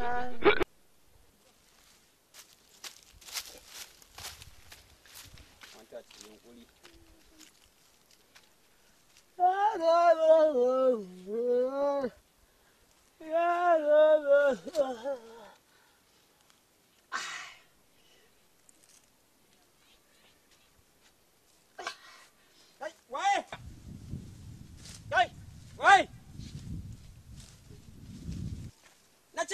Caralho.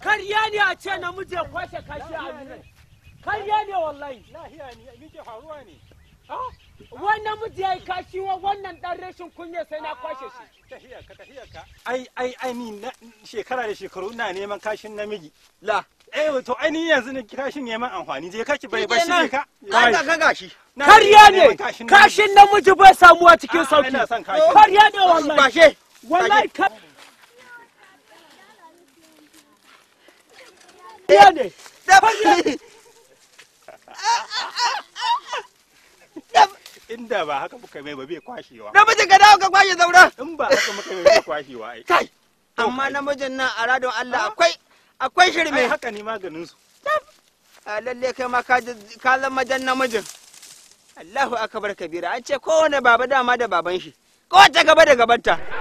karya ne a ce namiji ya kwashe kashi a nuna karya ne wallahi lahiya ne faruwa ne ah, namiji ya yi kashi wa wannan dan rashin kunya sai na kwashe shi ah, tahiya ka tahiya ka ai ai ai ni shekara da shekaru neman kashin namiji la eh to ai ni yanzu ne kashin neman amfani je bai bai shi ka ka gashi karya ne kashin namiji bai samuwa cikin ah, sauki karya ne wallahi wallahi Iya ne. Inda ba haka muka mai ba bai kwashewa. Namijin ka dawo ka kwashe zaura. In ba haka muka mai bai kwashewa ai. Kai. Amma namijin nan a radon Allah ah. akwai akwai shirme. Ai haka ne maganin su. Lalle kai ma ka zama jan namijin. Allahu akbar kabira an ce kowane baba dama da baban shi. Kowace gaba da gabanta.